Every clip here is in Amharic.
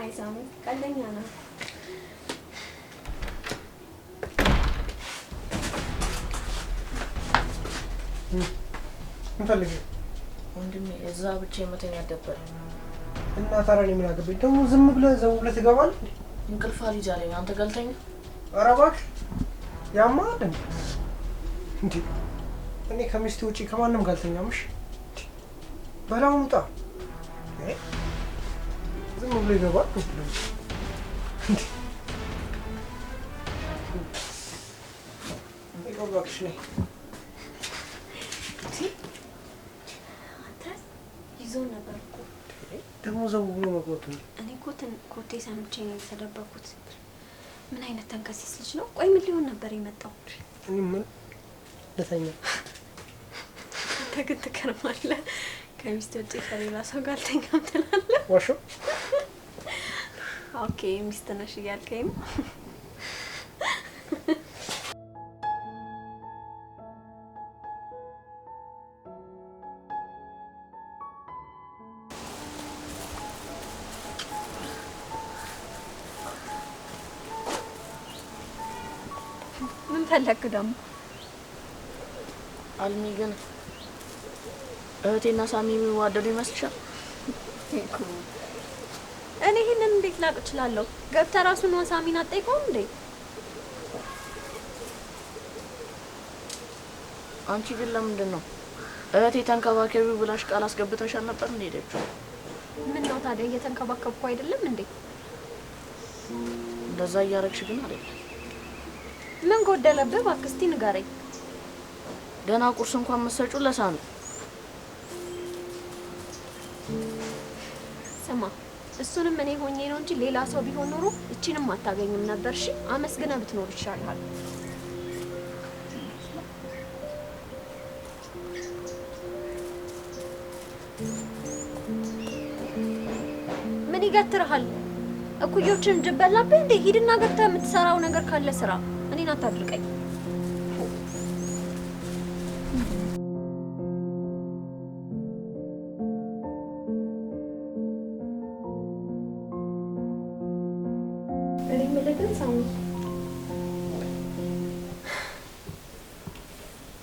አይሰሙ ቀልደኛ ነው። እንፈልግ ወንድሜ እዛ ብቻ የመተኛ ደበር እና ታዲያ እኔ ምን አገባኝ ደግሞ? ዝም ብለህ ዘው ብለህ ትገባለህ። እንቅልፍ ልጅ አለኝ አንተ ገልተኛ። ኧረ እባክህ ያማ አይደል እንዴ? እኔ ከሚስቴ ውጪ ከማንም ጋልተኛምሽ በላውምጣ ዝም ብሎ ይገባል። ይዞን ነበር እኮ ደግሞ ዘው ብሎ መግባቱ። እኔ እኮ ኮቴ ሰምቼ ነው የተደበኩት። ምን አይነት ተንከሲስ ልጅ ነው? ቆይ ምን ሊሆን ነበር የመጣው? እኔ ምን ለተኛ አንተ ግን ትከርማለህ። ከሚስት ውጭ ከሌላ ሰው ጋር አልተኛም ትላለህ። ዋሾ ኦኬ ሚስት ነሽ እያልከኝ ነው? ምን ፈለክ ደግሞ? አልሚ ግን እህቴና ሳሚ የሚዋደዱ ይመስልሻል? እኔ ይህንን እንዴት ላቅ እችላለሁ? ገብተህ ነው ወሳሚን አጠይቀውም እንዴ? አንቺ ግን ለምንድን ነው እህቴ ተንከባከቢ ብላሽ ቃል አስገብተሽ አልነበር እንዴ? ሄደችው ምን ነው ታዲያ እየተንከባከብኩ አይደለም እንዴ? እንደዛ እያረግሽ ግን አይደለም። ምን ጎደለብህ እባክህ እስቲ ንገረኝ። ገና ቁርስ እንኳን መሰጩ ነው? ስማ እሱንም እኔ ሆኜ ነው እንጂ ሌላ ሰው ቢሆን ኖሮ እቺንም አታገኝም ነበር። እሺ አመስግነ ብትኖር ይሻልሃል። ምን ይገትርሃል? እኩዮችን ጅበላብህ እንዴ? ሂድና ገብተህ የምትሰራው ነገር ካለ ስራ፣ እኔን አታድርቀኝ።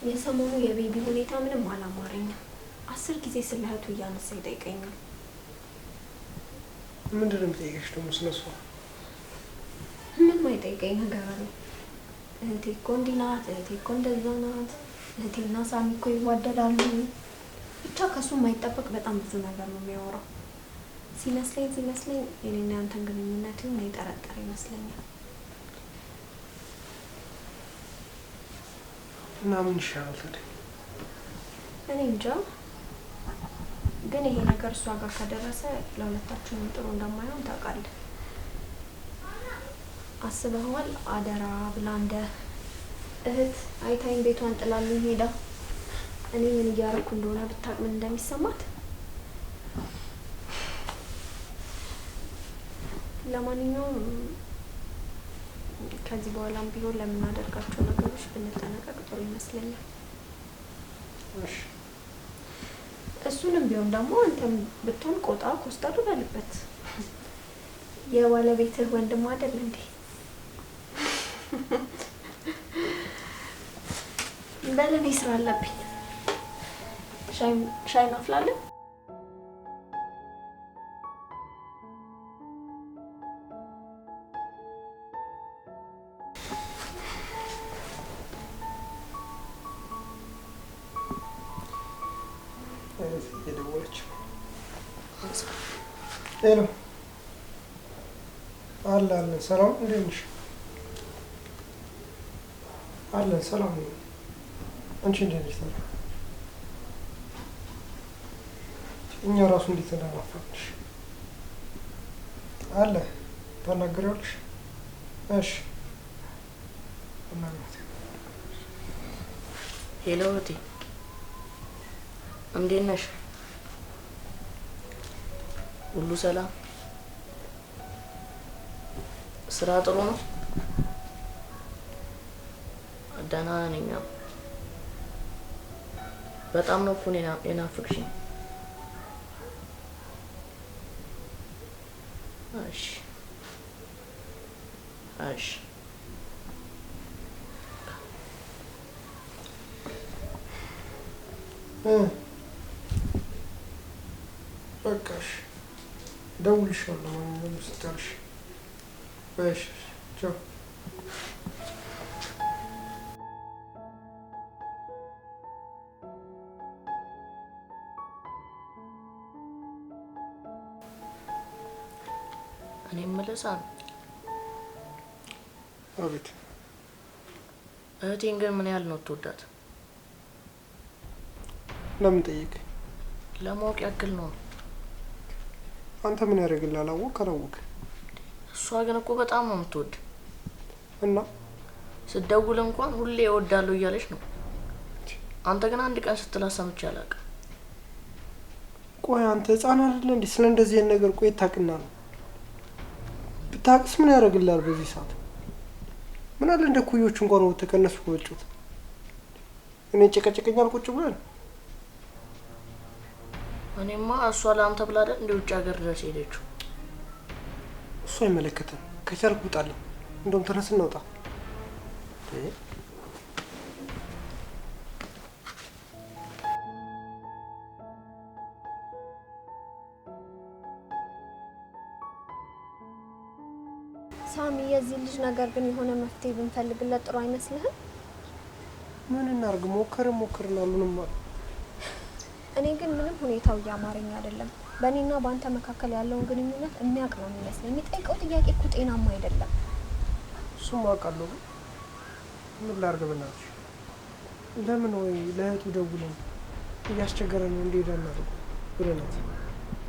የሰሞኑ የቤቢ ሁኔታ ምንም አላማረኝም። አስር ጊዜ ስለ እህቱ እያነሳ ይጠይቀኛል። ምንድን ነው የሚጠይቀሽ ደግሞ ስለ እሷ? ምንም አይጠይቀኝ ነገር አለ። እህቴ እኮ እንዲህ ናት፣ እህቴ እኮ እንደዛ ናት፣ እህቴና ሳሚ እኮ ይዋደዳሉ። ብቻ ከሱ የማይጠበቅ በጣም ብዙ ነገር ነው የሚያወራው። ሲመስለኝ ሲመስለኝ የኔና ያንተን ግንኙነት የሆነ የጠረጠረ ይመስለኛል። እና ይሻላል ታዲያ? እኔ እንጃ ግን ይሄ ነገር እሷ ጋር ከደረሰ ለሁለታችንም ጥሩ እንደማይሆን ታውቃለህ። አስበዋል አደራ ብላ እንደ እህት አይታኝ ቤቷን ጥላልኝ ሄዳ እኔ ምን እያደረኩ እንደሆነ ብታውቅ ምን እንደሚሰማት። ለማንኛውም ከዚህ በኋላም ቢሆን ለምናደርጋቸው ነገር ነገሮች ብንጠናቀቅ ጥሩ ይመስለኛል። እሱንም ቢሆን ደግሞ አንተም ብትሆን ቆጣ ኮስተር በልበት። የባለቤትህ ወንድም አይደል እንዴ? በል ስራ አለብኝ። ሻይ እናፍላለን። የደወለችው። ሄሎ አለን ሰላም፣ እንዴት ነሽ? አለን ሰላም፣ አንቺ እንዴት ነሽ? ታዲያ እኛ ራሱ እንዴት እንዳናፈቅሽ አለ ታናግሪዋለሽ? እሺ ሄሎ እቴ እንዴት ነሽ? ሁሉ ሰላም? ስራ ጥሩ ነው? ደህና ነኝ። በጣም ነው እኮ የናፍቅሽኝ። እሺ እሺ እ ጨርሻለሁ። አሁን ጨርሽ እሺ ቻው እኔ የምልህ አቤት። እህቴን ግን ምን ያህል ነው ትወዳት? ለምን ጠየቅ? ለማወቅ ያክል ነው። አንተ ምን ያደርግልሃል? አወቅ አላወቅ። እሷ ግን እኮ በጣም ነው የምትወድ እና ስደውል እንኳን ሁሌ እወዳለሁ እያለች ነው። አንተ ግን አንድ ቀን ስትላት ሰምቼ አላውቅም። ቆይ አንተ ህፃን አይደለ እንዴ? ስለ እንደዚህ ነገር ቆይ ታውቅና ነው ብታውቅስ ምን ያደርግልሃል? በዚህ ሰዓት ምን አለ እንደ ኩዮች እንኳን ወተቀነሱ ወጩት እኔ ጭቀጭቀኛል ቁጭ ብለን እኔማ እሷ ለአንተ ብላ አይደል እንደ ውጭ ሀገር ድረስ ሄደችው። እሱ አይመለከትም። ከቻልኩ ውጣለሁ። እንደውም ተነስ እናውጣ። ሳሚ፣ የዚህ ልጅ ነገር ግን የሆነ መፍትሄ ብንፈልግለት ጥሩ አይመስልህም? ምን እናርግ? ሞከርን ሞከርን አሉንም እኔ ግን ምንም ሁኔታው እያማረኝ አይደለም። በእኔና በአንተ መካከል ያለውን ግንኙነት የሚያውቅ ነው የሚመስለኝ። የሚጠይቀው ጥያቄ እኮ ጤናማ አይደለም። እሱም አውቃለሁ። ግን ምን ላድርግ ለምን ወይ ለእህቱ ደውለን እያስቸገረ ነው እንዴ ብለናት።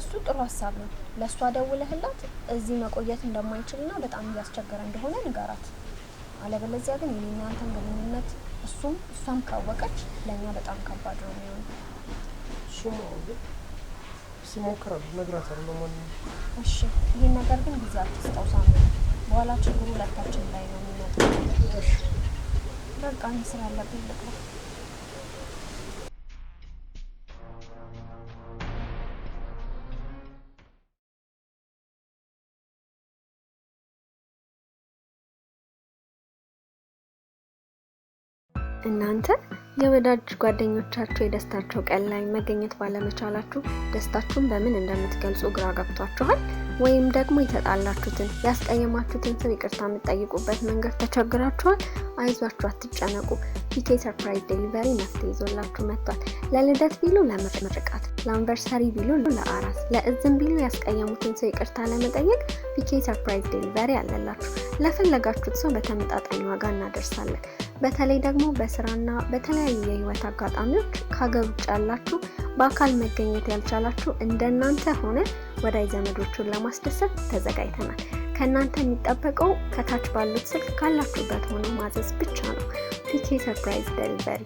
እሱ ጥሩ ሀሳብ ነው። ለእሷ ደውለህላት እዚህ መቆየት እንደማይችልና በጣም እያስቸገረ እንደሆነ ንገራት። አለበለዚያ ግን የኔና አንተን ግንኙነት እሱም እሷም ካወቀች ለእኛ በጣም ከባድ ነው የሚሆነው። ሹም ሲሞክራል እነግራታለሁ ለማንኛውም እሺ ይሄን ነገር ግን ጊዜ አትስጠው ሳምንት በኋላ ችግሩ ሁለታችን ላይ ነው የሚመጣው በቃ ስራ አለብኝ ልቅር እናንተ የወዳጅ ጓደኞቻቸው የደስታቸው ቀን ላይ መገኘት ባለመቻላችሁ ደስታችሁን በምን እንደምትገልጹ ግራ ገብቷችኋል? ወይም ደግሞ የተጣላችሁትን ያስቀየማችሁትን ሰው ይቅርታ የምትጠይቁበት መንገድ ተቸግራችኋል? አይዟችሁ፣ አትጨነቁ። ፒኬ ሰርፕራይዝ ዴሊቨሪ መፍትሄ ይዞላችሁ መጥቷል። ለልደት ቢሉ ለምርቃት፣ ለአንቨርሰሪ ቢሉ ለአራስ፣ ለእዝም ቢሉ ያስቀየሙትን ሰው ይቅርታ ለመጠየቅ ፒኬ ሰርፕራይዝ ዴሊቨሪ አለላችሁ። ለፈለጋችሁት ሰው በተመጣጣኝ ዋጋ እናደርሳለን። በተለይ ደግሞ በስራና በተለያዩ የህይወት አጋጣሚዎች ከሀገር ውጭ ያላችሁ በአካል መገኘት ያልቻላችሁ እንደናንተ ሆነ ወዳጅ ዘመዶቹን ለማስደሰት ተዘጋጅተናል። ከእናንተ የሚጠበቀው ከታች ባሉት ስልክ ካላችሁበት ሆኖ ማዘዝ ብቻ ነው። ፒኬ ሰርፕራይዝ ደሊቨሪ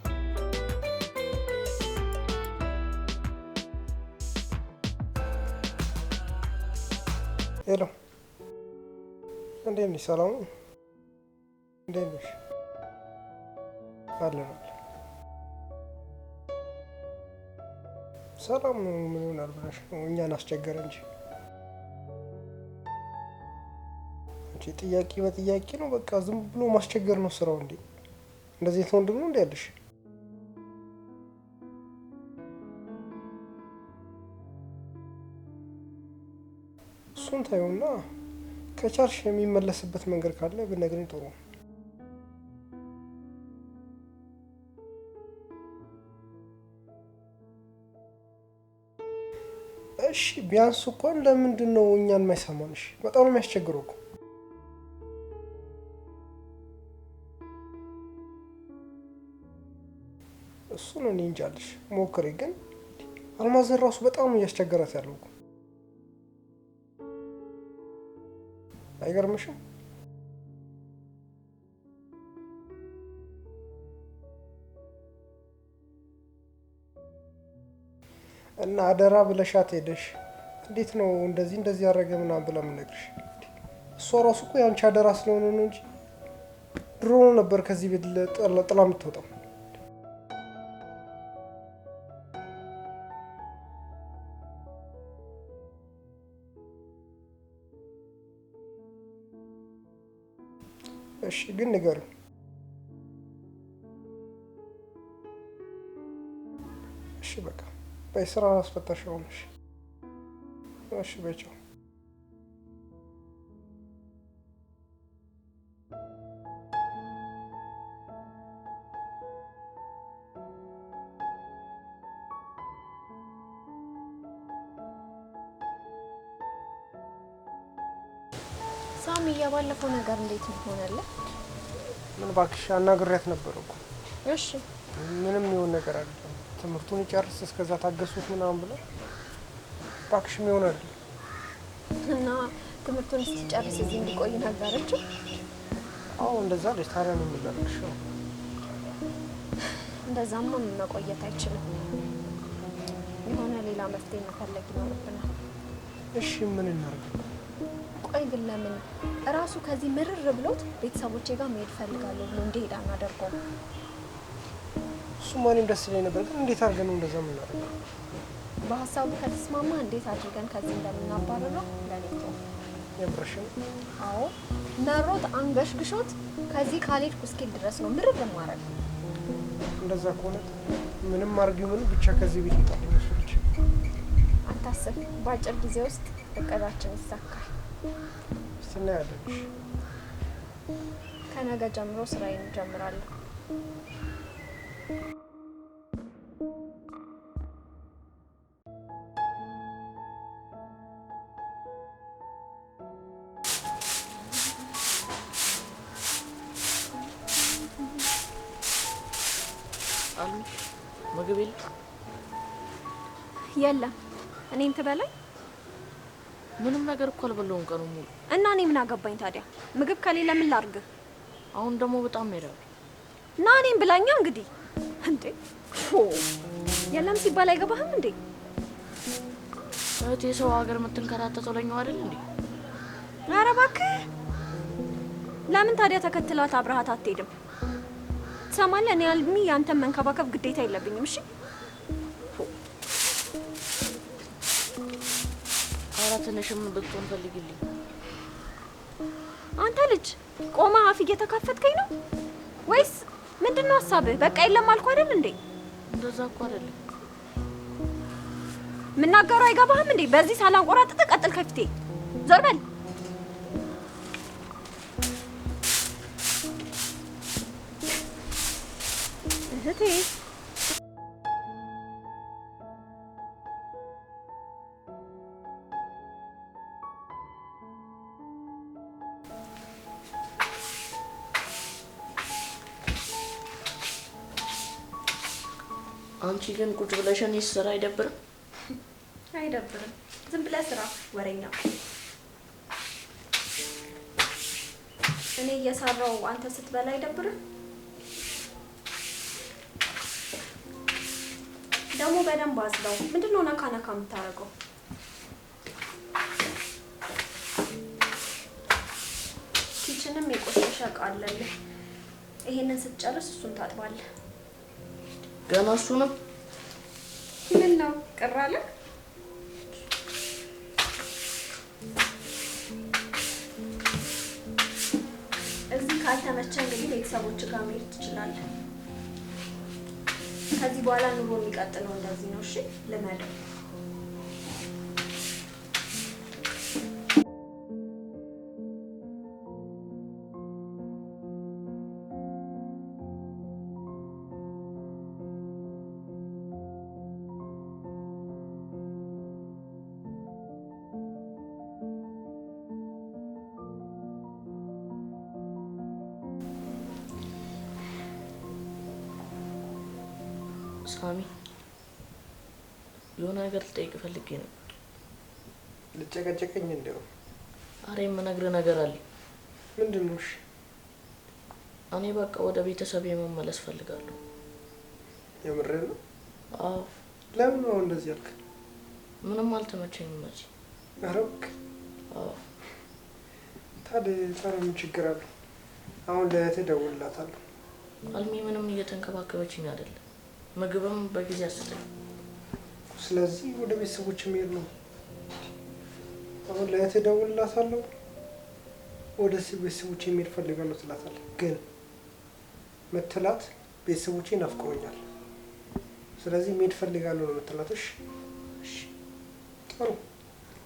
ሄሎ፣ እንዴት ነሽ? ሰላም ነው? እንዴት ነሽ? አለን አለን። ሰላም ነው። ምን ይሆናል ብለሽ ነው እኛን አስቸገረ እንጂ እንጂ ጥያቄ በጥያቄ ነው። በቃ ዝም ብሎ ማስቸገር ነው ስራው። እንዴ እንደዚህ ነው ደግሞ እንዴ ያለሽ እሱን ከቻርሽ የሚመለስበት መንገድ ካለ ብነግረኝ ጥሩ ነው። እሺ ቢያንስ እኮ ለምንድን ነው እኛን የማይሰማንሽ? በጣም ነው የሚያስቸግረው እኮ እሱ ነው እኔ እንጃልሽ። ሞክሬ ግን አልማዝን ራሱ በጣም እያስቸገራት ያለው አይገርምሽም? እና አደራ ብለሻት ሄደሽ እንዴት ነው እንደዚህ እንደዚህ ያደረገ ምናምን ብላ የምነግርሽ እሷ ራሱ እኮ የአንቺ አደራ ስለሆነ ነው እንጂ ድሮ ነበር ከዚህ ቤት ጥላ የምትወጣው። እሺ፣ ግን ንገሩ። እሺ፣ በቃ በስራ አስፈታሽ ሆነሽ። እሺ፣ በቻው እባክሽ አናግሬያት ነበር እኮ። እሺ ምንም የሆነ ነገር አለ ትምህርቱን ይጨርስ እስከዛ ታገሱት ምናምን ብለው እባክሽ የሚሆን አይደለም እና ትምህርቱን ስትጨርስ እዚህ እንዲቆይ ነገረችው። አዎ እንደዛ ልጅ። ታዲያ ነው የምላልሽ። እንደዛማ መቆየት አይችልም። የሆነ ሌላ መፍትሄ መፈለግ ይኖርብናል። እሺ ምን እናርግ? ቆይ ግን ለምን እራሱ ከዚህ ምርር ብሎት ቤተሰቦቼ ጋር መሄድ ፈልጋለሁ ብሎ እንዲሄድ አናደርገው? እሱማ እኔም ደስ ይለኝ ነበር፣ ግን እንዴት አድርገን እንደዛ የምናደርገው? በሀሳቡ ከተስማማ እንዴት አድርገን ከዚህ እንደምናባረረው ለኔቶ የምርሽ? አዎ መሮት አንገሽ ግሾት ከዚህ ካልሄድኩ እስኪል ድረስ ነው ምርር ማረግ እንደዛ ከሆነ ምንም አድርጊ ሆኑ ብቻ ከዚህ ቤት ይጣል። አታስብ፣ በአጭር ጊዜ ውስጥ እቅዳችን ይሳካል። ስናያለች። ከነገ ጀምሮ ስራዬን እጀምራለሁ። ምግብ የለም። እኔን ትበላኝ ምንም ነገር እኮ አልበላሁም ቀኑ ሙሉ። እና እኔ ምን አገባኝ ታዲያ? ምግብ ከሌለ ምን ላርግ? አሁን ደግሞ በጣም ሄዳል። እና እኔም ብላኛ እንግዲህ። እንዴ የለም ሲባል አይገባህም እንዴ? እህቴ ሰው ሀገር የምትንከራተተው ለኛው አይደል እንዴ? ኧረ እባክህ ለምን ታዲያ ተከትላት አብረሃት አትሄድም? ትሰማለህ? እኔ አልሚ ያንተን መንከባከብ ግዴታ የለብኝም። እሺ ኧረ ትንሽም ብትሆን ፈልግልኝ። አንተ ልጅ ቆማ አፍ እየተካፈትከኝ ነው ወይስ ምንድን ነው ሀሳብህ? በቃ የለም አልኩህ አይደል እንዴ? እንደዛ እኮ አይደለም። የምናገረው አይገባህም እንዴ? በዚህ ሳላንቆራጥጥ ቀጥል ከፊቴ ዘው ግን ቁጭ ብለሽ እኔ ስራ አይደብርም? አይደብርም። ዝም ብለህ ስራ ወሬኛ። እኔ እየሰራው አንተ ስትበላ አይደብርም? ደግሞ በደንብ አዝለው። ምንድን ነው ነካ ነካ የምታደርገው? ኪችንም የቆሸሸ እቃ አለልህ። ይሄንን ስትጨርስ እሱን ታጥባለህ። ገና እሱንም ምን ነው ቅር አለ? እዚህ ካልተመቸ እንግዲህ ቤተሰቦች ጋር መሄድ ትችላለህ። ከዚህ በኋላ ኑሮ የሚቀጥለው እንደዚህ ነው። እሺ ልመደው ሳሚ የሆነ ነገር ልጠይቅ ፈልጌ ነው። ልጨቀጨቀኝ? እንደው አረ የምነግርህ ነገር አለ። ምንድን ነው? እሺ። እኔ በቃ ወደ ቤተሰብ የመመለስ ፈልጋለሁ። የምሬ ነው? አዎ። ለምን ነው እንደዚህ ያልክ? ምንም አልተመቸኝም መቼ። አረብክ? አዎ። ታዲያ ታዲያ ምን ችግር አለው? አሁን ለእህቴ እደውልላታለሁ። አልሚ ምንም እየተንከባከበችኝ አይደለም ምግብም በጊዜ አስጠኝ። ስለዚህ ወደ ቤተሰቦች የሚሄድ ነው። አሁን ላይ እደውልላታለሁ። ወደ ቤተሰቦች የሚሄድ ፈልጋለሁ ትላታለህ። ግን ምትላት ቤተሰቦቼ ይናፍቀውኛል፣ ስለዚህ የሚሄድ ፈልጋለሁ ነው ምትላት። እሺ ጥሩ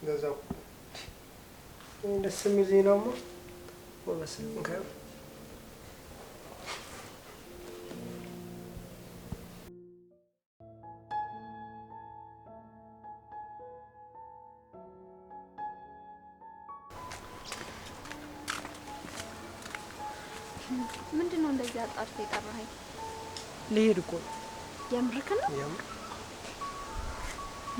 ገዛው። ደስ የሚል ዜናማ ወበስ ምንድን ነው እንደዚህ አጣድፎ የጠራኸኝ? ልሄድ እኮ የምርክ ነው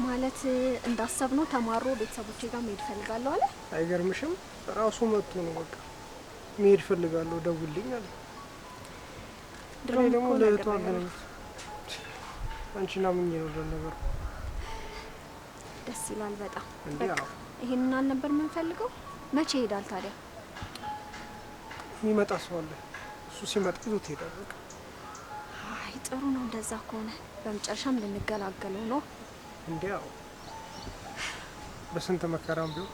ማለት እንዳሰብ ነው። ተማሮ ቤተሰቦቼ ጋር መሄድ ፈልጋለሁ አለ። አይገርምሽም? ራሱ መጥቶ ነው በቃ መሄድ ፈልጋለሁ ደውልኝ አለ። ድሮ ደግሞ ለእህቱ አገናኙት። አንቺና ምኝ ነው ነበር። ደስ ይላል በጣም። ይሄንን አልነበር የምንፈልገው። መቼ ይሄዳል ታዲያ? የሚመጣ ሰው አለ። እሱ ሲመጣ ይዞት ይሄዳል። አይ ጥሩ ነው እንደዛ ከሆነ በመጨረሻም ልንገላገለው ነው። እንዲያው በስንት መከራም ቢሆን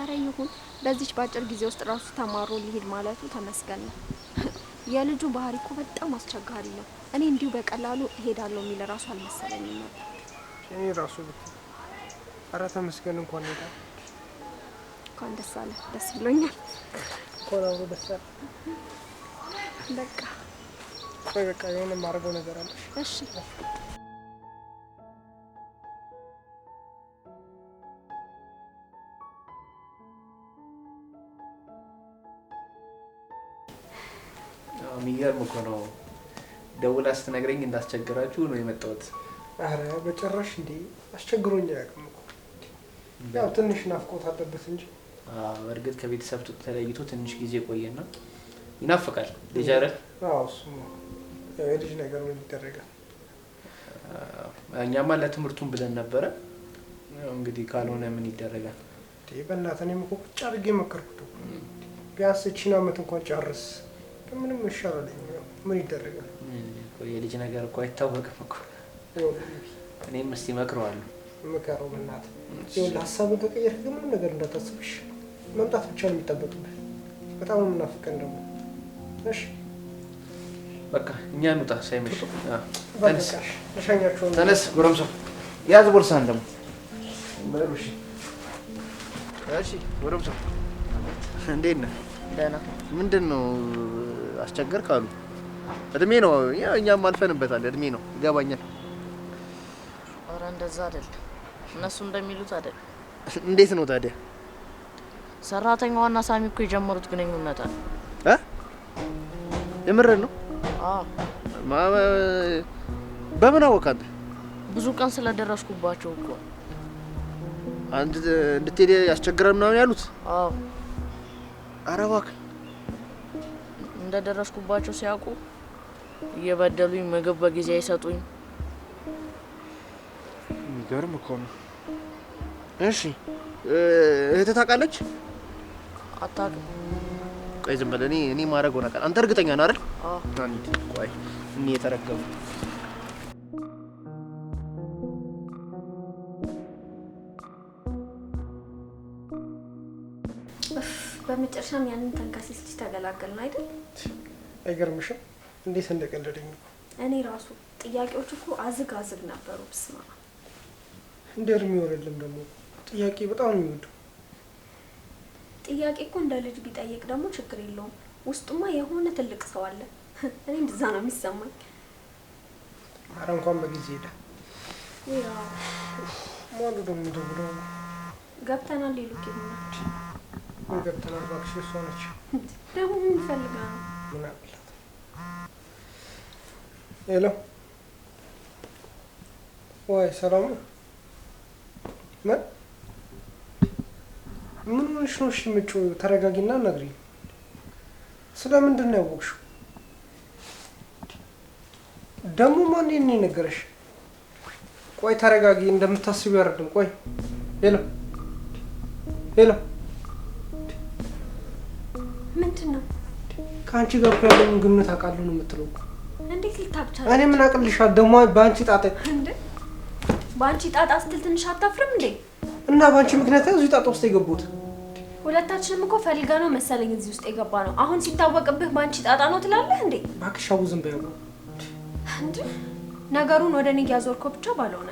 አረ ይሁን። በዚች በአጭር ጊዜ ውስጥ ራሱ ተማሮ ሊሄድ ማለቱ ተመስገን ነው። የልጁ ባህሪ እኮ በጣም አስቸጋሪ ነው። እኔ እንዲሁ በቀላሉ እሄዳለሁ የሚል ራሱ አልመሰለኝም ነበር። እኔ ራሱ ብታይ አረ ተመስገን እንኳን ሄዳ እንኳን ደስ አለ። ደስ ብሎኛል። ኮላብሮ ደስ በቃ ቆይ በቃ የሆነ የማደርገው ነገር አለ። እሺ የሚገርም እኮ ነው። ደውላ ስትነግረኝ እንዳስቸግራችሁ ነው የመጣሁት። አረ በጭራሽ እንዴ አስቸግሮኝ አያውቅም እኮ ያው ትንሽ ናፍቆት አለበት እንጂ እርግጥ ከቤተሰብ ተለይቶ ትንሽ ጊዜ ቆየና ይናፍቃል። ልጅ አይደል? የልጅ ነገር ምን ይደረጋል? እኛማ ለትምህርቱን ብለን ነበረ። እንግዲህ ካልሆነ ምን ይደረጋል? በእናትህ እኔም እኮ ቁጭ አድርጌ መከርኩት። ቢያንስ አመት እንኳን ጨርስ ምንም ይሻላል። ምን ይደረጋል? የልጅ ነገር እኮ አይታወቅም እኮ። እኔም እስቲ እመክረዋለሁ። ምከረው በእናትህ ሀሳብን ከቀየርክ ግን ምንም ነገር እንዳታስብሽ መምጣት ብቻ ነው የሚጠበቅብህ። በጣም ነው የምናፍቀን ደግሞ። እሺ በቃ እኛ እንውጣ ሳይመሽ። ተነስ ያዝ ቦርሳን ደግሞ እሺ። እንዴት ነህ? ደህና። ምንድን ነው አስቸገር ካሉ እድሜ ነው። እኛም አልፈንበታል። እድሜ ነው ይገባኛል። ኧረ እንደዛ አይደለም፣ እነሱ እንደሚሉት አይደለም። እንዴት ነው ታዲያ? ሰራተኛዋና ሳሚ እኮ የጀመሩት ግንኙነት አለ። የምርህን ነው? በምን አወቃት? አንተ? ብዙ ቀን ስለደረስኩባቸው እኮ አንድ እንድትሄድ ያስቸግረን ምናምን ያሉት። አዎ። ኧረ እባክህ እንደደረስኩባቸው ሲያውቁ እየበደሉኝ ምግብ በጊዜ አይሰጡኝ። የሚገርም እኮ ነው። እሺ እህትህ ታውቃለች? አታውቅም። ቆይ ዝም ብለህ እኔ እኔ ማድረግ ሆነ ቀን አንተ እርግጠኛ አይደል? ቆይ እኔ የተረገሙ በመጨረሻም ያንን ተገላገልን አይደል? አይገርምሽም? እንዴት እንደቀለደኝ እኔ ራሱ ጥያቄዎች እኮ አዝግ አዝግ ነበሩ። ብስማ እንደ ደግሞ ጥያቄ በጣም ነው የሚወደው ጥያቄ እኮ እንደ ልጅ ቢጠይቅ ደግሞ ችግር የለውም። ውስጡማ የሆነ ትልቅ ሰው አለ። እኔ እንደዛ ነው የሚሰማኝ። አረ እንኳን በጊዜ ሄደ። ሞሉ ደሞ ደብሎ ገብተናል። ሌሎች ሆናች ገብተናል። እባክሽ እሷ ነች ደግሞ ምን ይፈልጋ ነው? ምን አቅላት? ሄሎ ወይ ሰላም ምን ምን ሆነሽ ነው? እሺ ምጩ ተረጋጊና ነግሪ። ስለምንድን ነው ያወቅሽው? ደግሞ ማን ነው የነገረሽ? ቆይ ተረጋጊ፣ እንደምታስቢው አይደለም። ቆይ ሄሎ፣ ሄሎ፣ ምንድን ነው ከአንቺ ጋር እኮ ያለውን ግምት አውቃለሁ ነው የምትለው። እንዴት ልታብቻለሁ? እኔ ምን አቅልሻል ደግሞ በአንቺ ጣጣ እንዴ፣ በአንቺ ጣጣ ስትል ትንሽ አታፍርም እንዴ? እና በአንቺ ምክንያት እዚህ ጣጣ ውስጥ የገቡት ሁለታችንም እኮ ፈልገ ነው መሰለኝ እዚህ ውስጥ የገባ ነው። አሁን ሲታወቅብህ በአንቺ ጣጣ ነው ትላለህ እንዴ? እባክሽ አው ዝም በይው። ነገሩን ወደ እኔ ያዞርከው ብቻ ባልሆነ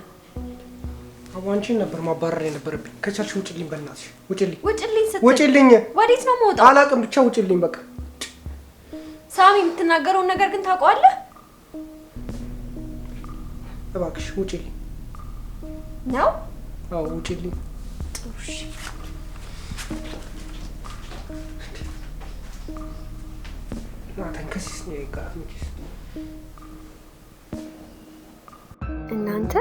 አንቺን ነበር ማባረር የነበረብኝ። ከቻልሽ ውጭልኝ፣ በእናትሽ ውጭልኝ፣ ውጭልኝ ስትል ውጭልኝ። ወዴት ነው የምወጣው አላውቅም፣ ብቻ ውጭልኝ በቃ። ሳሚ የምትናገረውን ነገር ግን ታውቀዋለህ። እባክሽ ውጭልኝ ነው ውጭልኝ። እናንተ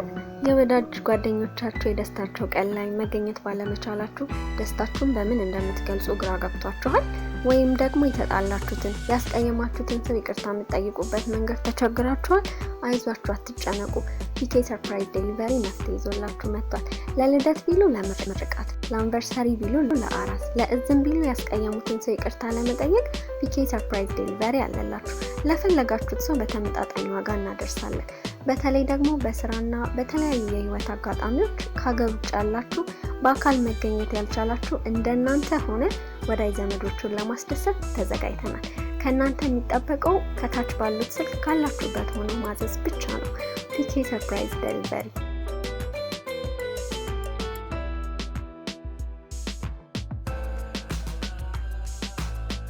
የወዳጅ ጓደኞቻችሁ የደስታቸው ቀን ላይ መገኘት ባለመቻላችሁ ደስታችሁን በምን እንደምትገልጹ ግራ ገብቷችኋል? ወይም ደግሞ የተጣላችሁትን ያስቀየማችሁትን ሰው ይቅርታ የምጠይቁበት መንገድ ተቸግራችኋል? አይዟችሁ፣ አትጨነቁ። ፒኬ ሰርፕራይዝ ዴሊቨሪ መፍትሄ ይዞላችሁ መጥቷል። ለልደት ቢሉ ለምርቃት፣ ለአንቨርሰሪ ቢሉ ለአራስ፣ ለእዝም ቢሉ ያስቀየሙትን ሰው ይቅርታ ለመጠየቅ ፒኬ ሰርፕራይዝ ዴሊቨሪ አለላችሁ። ለፈለጋችሁት ሰው በተመጣጣኝ ዋጋ እናደርሳለን። በተለይ ደግሞ በስራና በተለያዩ የህይወት አጋጣሚዎች ከሀገር ውጭ ያላችሁ በአካል መገኘት ያልቻላችሁ እንደናንተ ሆነ ወዳጅ ዘመዶቹን ለማስደሰት ተዘጋጅተናል። ከእናንተ የሚጠበቀው ከታች ባሉት ስልክ ካላችሁበት ሆኖ ማዘዝ ብቻ ነው። ፒኬ ሰርፕራይዝ ደሊቨሪ